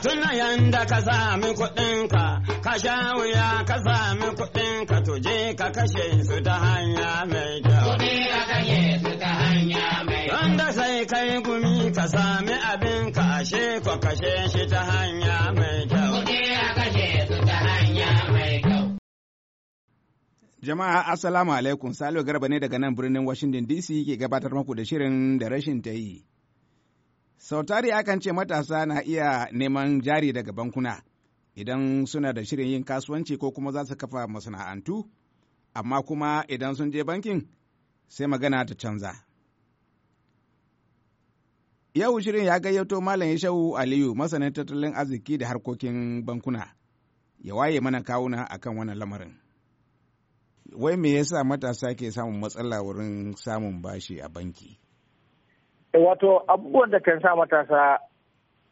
ka tuna yanda ka sami kuɗinka, ka sha wuya ka sami kuɗinka tuje ka kashe su ta hanya mai kyau. je ka kashe su ta hanya mai kyau. Wanda sai kai gumi ka sami abin ka ashe ko kashe shi ta hanya mai kyau. je ka kashe su ta hanya mai kyau. Jama'a Assalamu alaikum Salo Garba ne daga nan birnin Washington DC ke gabatar maku da shirin da rashin ta yi. Sau tari akan ce matasa na iya neman jari daga bankuna idan suna da shirin yin kasuwanci ko kuma za su kafa masana'antu, amma kuma idan sun je bankin sai magana ta canza. Yau shirin ya gayyato Malam Yashau Aliyu masanin tattalin arziki da harkokin bankuna ya waye mana kawuna akan wannan lamarin. Wai me yasa matasa ke samun matsala wurin samun bashi a banki? wato abubuwan da kan sa matasa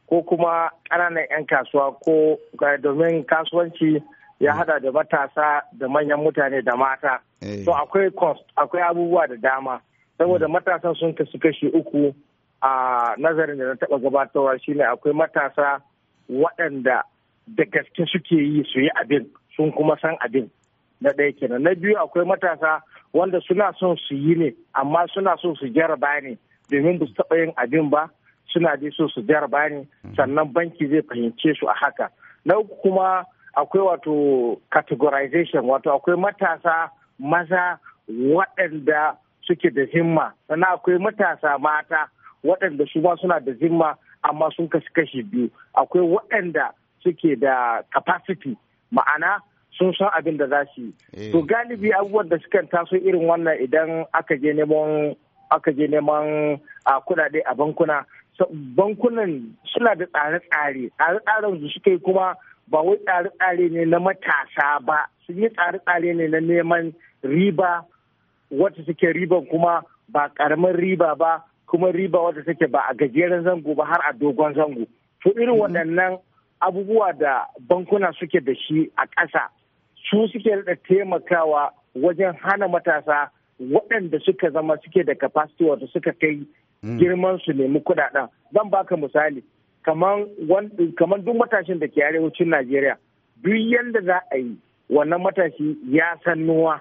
ko kuma ƙananan 'yan kasuwa ko eh, domin kasuwanci ya hada da matasa da manyan mutane da mata eh. to akwai abubuwa da dama saboda mm. matasan sun kasu kashi uku a nazarin da na taba gabatarwa shine akwai matasa waɗanda da gaske suke yi su yi abin sun kuma san abin na ɗaya kenan na biyu akwai matasa wanda suna son su yi ne amma suna son su jaraba ne domin ba su taɓa yin abin ba suna je so su jar bani hmm. sannan banki zai fahimce su a haka na uku kuma akwai wato categorization wato akwai matasa maza waɗanda suke da himma sannan akwai matasa mata waɗanda su ma suna da zimma amma sun kashi kashi biyu akwai waɗanda suke da capacity ma'ana sun san abin da za su yi eh. to galibi abubuwan da sukan taso irin wannan idan aka je neman aka je neman a kudade a bankuna bankunan suna da tsare-tsare tsare-tsaren suka suke kuma ba wai tsare-tsare ne na matasa ba su yi tsare-tsare ne na neman riba wata suke riban kuma ba karamin riba ba kuma riba wata suke ba a gajeren zango ba har a dogon zango to irin mm-hmm. waɗannan abubuwa da bankuna suke da shi a ƙasa su suke da taimakawa wajen hana matasa waɗanda suka zama suke da capacity wato suka kai hmm. girman su nemi kuɗaɗen zan baka misali kamar duk matashin da ke arewacin najeriya duk yadda za a yi wannan matashi ya san noma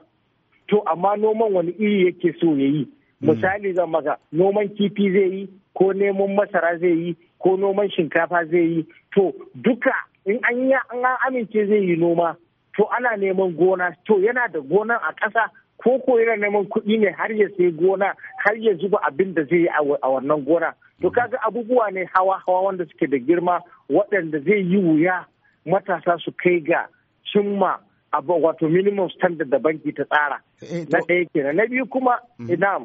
to amma noman wani iri yake so ya yi hmm. misali zan maka noman kifi zai yi ko neman masara zai yi ko noman shinkafa zai yi to duka in an amince zai yi noma to ana neman gona to yana da gonan a ƙasa ko ko yana neman kuɗi ne har ya sai gona har ya zuba abin da zai yi a wannan gona to kaga abubuwa ne hawa hawa wanda suke da girma waɗanda zai yi wuya matasa su kai ga cimma abu wato minimum standard da banki ta tsara eh, na ɗaya kenan na biyu kuma mm. ina.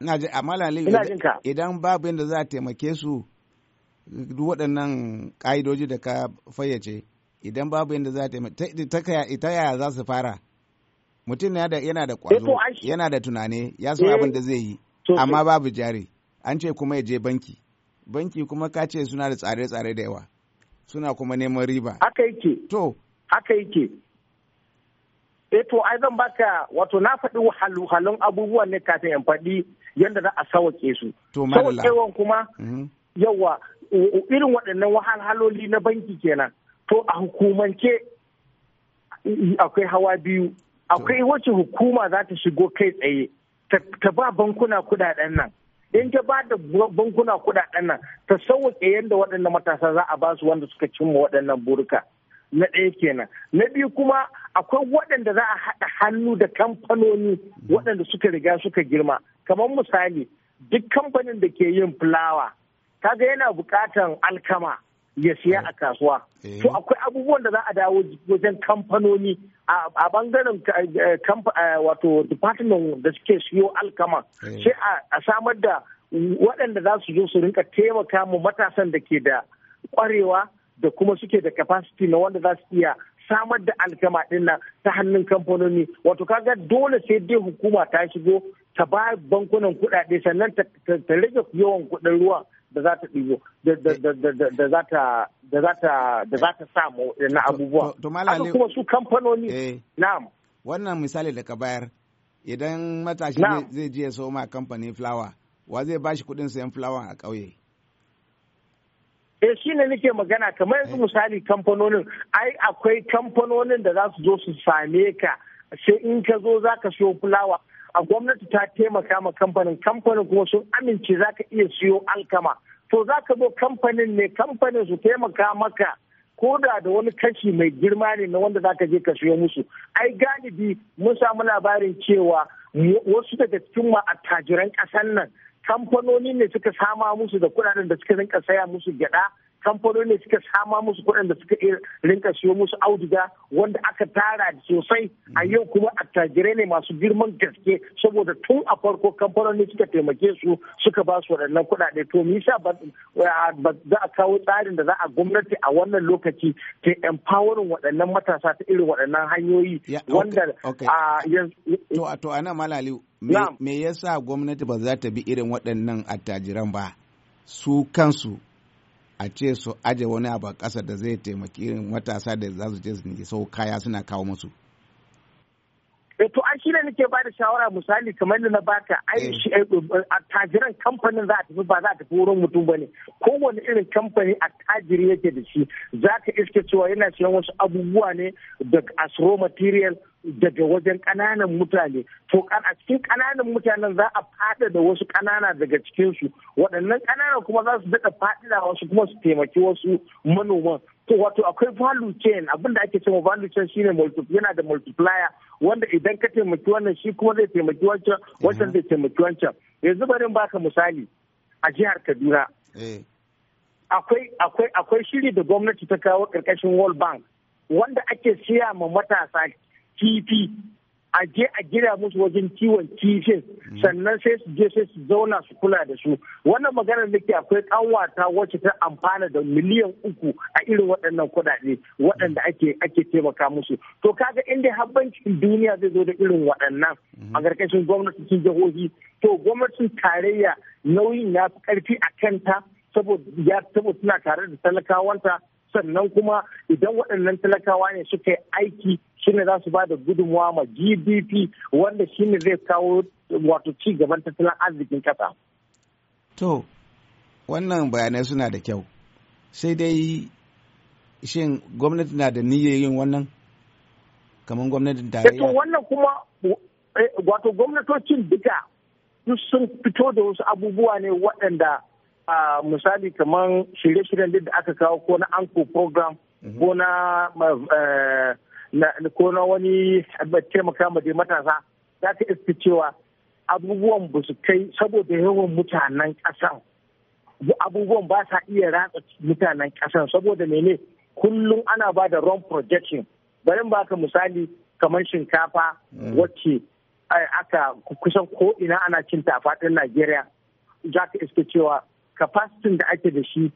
ina ji amma idan babu yadda za a taimake su duk waɗannan ƙa'idoji da ka fayyace idan babu yadda za taimake ta yaya za su fara mutum yana da eh, ƙwazo yana da tunani ya san abin da eh, zai yi amma babu jari an ce kuma ya je banki banki kuma ka ce suna da tsare-tsare da yawa suna kuma neman riba haka yake to haka yake eh to ai zan baka wato na faɗi wahalhalun abubuwan ne kafin in faɗi yadda za a sauke su to madalla kuma mm-hmm. yawa irin waɗannan wahalhaloli na banki kenan to a hukumance akwai hawa biyu akwai wacce hukuma za ta shigo kai tsaye ta ba bankuna kudaden nan in ta ba da bankuna kudaden nan ta sauwaƙe yadda waɗannan matasa za a ba su wanda suka cimma waɗannan burka na ɗaya kenan na biyu kuma akwai waɗanda za a haɗa hannu da kamfanoni mhm. waɗanda suka riga suka girma kamar misali duk kamfanin da ke yin fulawa kaga yana bukatan alkama ya siya eh. a kasuwa. Eh. To akwai abubuwan da za a dawo wajen kamfanoni a bangaren eh, wato department da suke siyo alkama sai a samar da waɗanda za su zo su rinka taimaka mu matasan da ke da ƙwarewa da kuma suke da capacity na wanda za su iya samar da alkama ɗin nan ta hannun kamfanoni wato kaga dole sai dai hukuma ta shigo ta ba bankunan kuɗaɗe sannan ta rage yawan kuɗin ruwa da za ta ɗigo da za ta da za ta samu na abubuwa haka kuma su kamfanoni eh. na'am wannan misali da ka bayar idan matashi zai je so ma kamfanin fulawa wa zai bashi kuɗin sayan fulawa a ƙauye eh shi ne nake magana kamar yanzu eh. misali kamfanonin ai akwai kamfanonin da za su zo su same ka sai in ka zo za ka siyo fulawa a gwamnati ta taimaka ma kamfanin kamfanin kuma sun amince za ka iya siyo alkama to za ka zo kamfanin ne kamfanin su taimaka maka ko da da wani kashi mai girma ne na wanda za ka je ka siyo musu ai galibi mun samu labarin cewa wasu daga cikin ma attajiran ƙasar nan kamfanoni ne suka sama musu da kuɗaɗen da suka rinka saya musu gyaɗa kamfanoni ne suka sama musu kuɗin da suka rinka siyo musu auduga wanda aka tara sosai a yau kuma attajirai ne masu girman gaske saboda tun a farko kamfanoni suka taimake su suka ba su waɗannan kuɗaɗe to me yasa ba za a kawo tsarin da za a gwamnati a wannan lokaci ke empowering waɗannan matasa ta irin waɗannan hanyoyi wanda to to ana malali me yasa gwamnati ba za ta bi irin waɗannan attajiran ba su kansu a ce su aje wani abu a ƙasa da zai taimaki irin matasa da za su je su sau kaya suna kawo musu e to shi ne nake ba da shawara misali kamar da na baka ai eh. shi eh, tajiran kamfanin za a tafi ba za a tafi wurin mutum ba ne kowane irin kamfani a tajiri yake da shi za ka iske cewa yana siyan wasu abubuwa ne da asro material daga wajen kananan mutane to a cikin kananan mutanen za a fada da wasu ƙanana daga cikinsu waɗannan ƙananan kuma za su daɗa fadida wasu kuma su taimaki wasu manoman to wato akwai value chain da ake cewa value chain shine yana da multiplier wanda idan ka taimaki wannan shi kuma zai taimaki wancan wancan zai taimaki wancan yanzu bari baka misali a jihar Kaduna eh. akwai akwai akwai shiri da gwamnati ta kawo karkashin World Bank wanda ake siya ma matasa kifi a je a gida musu wajen kiwon kifin mm. sannan sai su je sai su zauna su kula da su wannan maganar da ke akwai kanwata wacce ta amfana da miliyan uku a irin waɗannan kuɗaɗe waɗanda ake ake taimaka musu to kaga inda habbancin duniya zai zo da irin waɗannan mm-hmm. a ƙarƙashin gwamnatin jihohi to gwamnatin tarayya nauyin ya fi ƙarfi a kanta saboda saboda suna tare da talakawanta sannan kuma idan waɗannan talakawa ne suka yi aiki shine za su ba da gudunmawa ma gdp wanda shine zai kawo wato ci gaban tattalin arzikin kasa to wannan bayanai suna da kyau sai dai shin gwamnati na da niyyar yin wannan kamar gwamnatin eh, tarayya wannan kuma eh, wato gwamnatocin duka sun fito da wasu abubuwa ne waɗanda misali kamar shirye-shiryen da aka kawo ko na anko program ko na eh, ko na wani taimaka ma dai matasa za ka iska cewa abubuwan ba su kai saboda yawan mutanen ƙasan abubuwan ba sa iya ratsa mutanen ƙasan saboda mene kullum ana ba da wrong projection bari ba ka misali kamar shinkafa mm. wacce eh, aka kusan ko ina ana cin ta a faɗin Najeriya za ka iske cewa capacity da ake da shi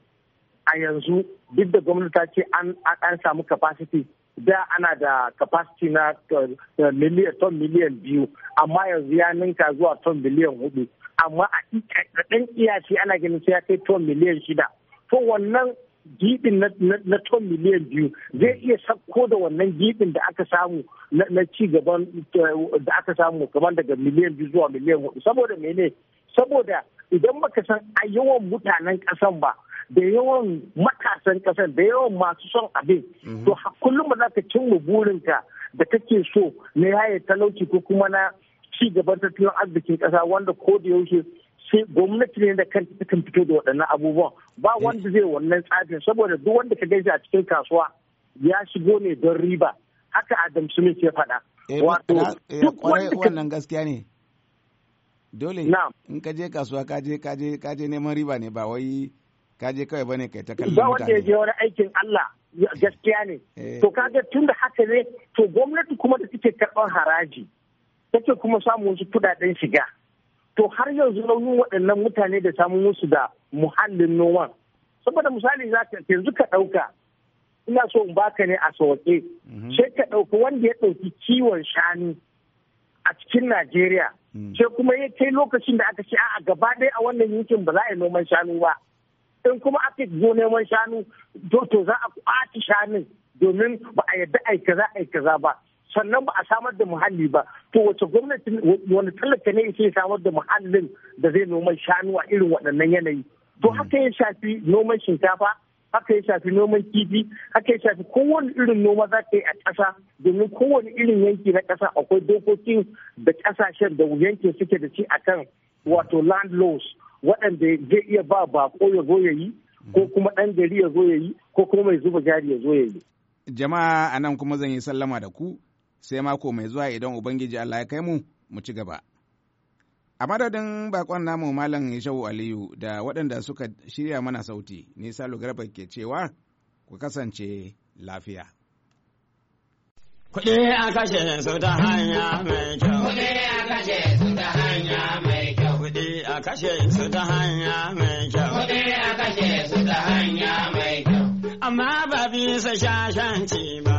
a yanzu duk da gwamnati ta ce an samu capacity da ana da capacity na eh, eh, ton miliyan biyu amma yanzu ya ninka zuwa ton miliyan hudu amma a ɗan iyaci ana ganin sai ya kai ton miliyan shida to wannan gibin na ton miliyan biyu zai iya sauko da wannan gibin da aka samu na ci gaban eh, da aka samu kamar daga miliyan biyu zuwa miliyan hudu saboda mene saboda idan baka san a yawan mutanen ƙasan ba da yawan matasan kasar da yawan masu son abin mhm. to kullum ba za ka cimma burinka da kake so na yaye talauci ko kuma na ci gaban tattalin arzikin kasa wanda ko da yaushe sai gwamnati ne da kanta takan fito da waɗannan abubuwan ba wanda zai wannan tsafin saboda duk wanda ka gaisa a cikin kasuwa ya shigo ne don riba haka Adam Smith ya faɗa. Eh, wato eh, duk wannan gaskiya ne. Dole in ka je kasuwa ka je ka je ka je neman riba ne ba wai ka je kawai bane kai ta kallon mutane ba wanda ya je wani aikin Allah eh. gaskiya ne eh. to kaga tunda haka ne to gwamnati kuma da take karɓar haraji take kuma samu wasu kudaden shiga to har yanzu launin waɗannan mutane da samu musu da muhallin noman saboda misali za ka yanzu ka ɗauka ina so in baka ne a sauƙe mhm. sai ka ɗauki wanda ya ɗauki ciwon shanu a cikin Najeriya hmm. sai kuma ya kai lokacin da aka ce a gaba ɗaya a wannan yankin ba za a yi noman shanu ba in kuma aka zo neman shanu to za a kwaci shanun domin ba a yadda yi kaza yi kaza ba sannan ba a samar da muhalli ba to wace gwamnati wani tallata ne yake samar da muhallin da zai noman shanu a irin waɗannan yanayi to mm. haka ya shafi noman shinkafa haka ya shafi noman kifi haka ya shafi kowane irin noma za ka yi a ƙasa domin kowane irin yanki na ƙasa akwai dokokin da ƙasashen da yankin suke da shi akan wato land laws waɗanda zai iya ba bako ya zo ya yi ko mm. kuma ɗan gari ya zo ya yi ko kuma mai zuba jari ya zo ya yi. Jama'a a nan kuma zan yi sallama da ku sai mako mai zuwa idan Ubangiji Allah ya kai mu mu ci gaba. A madadin bakon namu Malam yashau Aliyu da waɗanda suka shirya mana sauti, ni salo Garba ke cewa ku kasance lafiya. Kuɗi a kashe su hanya mai kyau. Kuɗi a kashe kashe su ta hanya mai kyau. Kuɗi a kashe su ta hanya mai kyau. Amma ba bisa shashanci ba,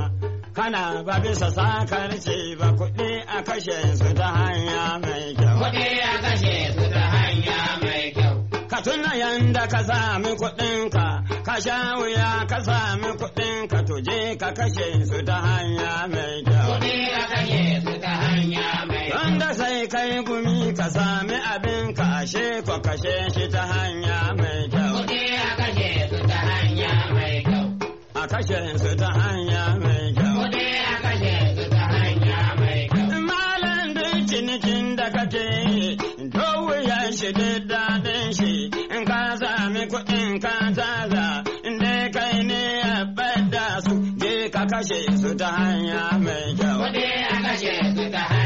kana ba bisa sakarci ba, kuɗi a kashe su ta hanya mai kyau. Kuɗi a kashe su ta hanya mai kyau. Ka tuna yanda ka sami kuɗinka, ka sha wuya ka sami kuɗinka, je ka kashe su ta hanya mai kyau. Kuɗi a kashe su ta hanya mai kyau. Wanda sai kai gumi ka sami kashe ko kashe shi ta hanya mai kyau. Kuɗi a kashe su ta hanya mai kyau. A kashe su ta hanya mai kyau. Kuɗi a kashe su ta hanya mai kyau. Malam duk cinikin da kake dowu ya shige daɗin shi in ka sami kuɗin ka zaza inda kai ne ya bada su je ka kashe su ta hanya mai kyau. Kuɗi a kashe su ta hanya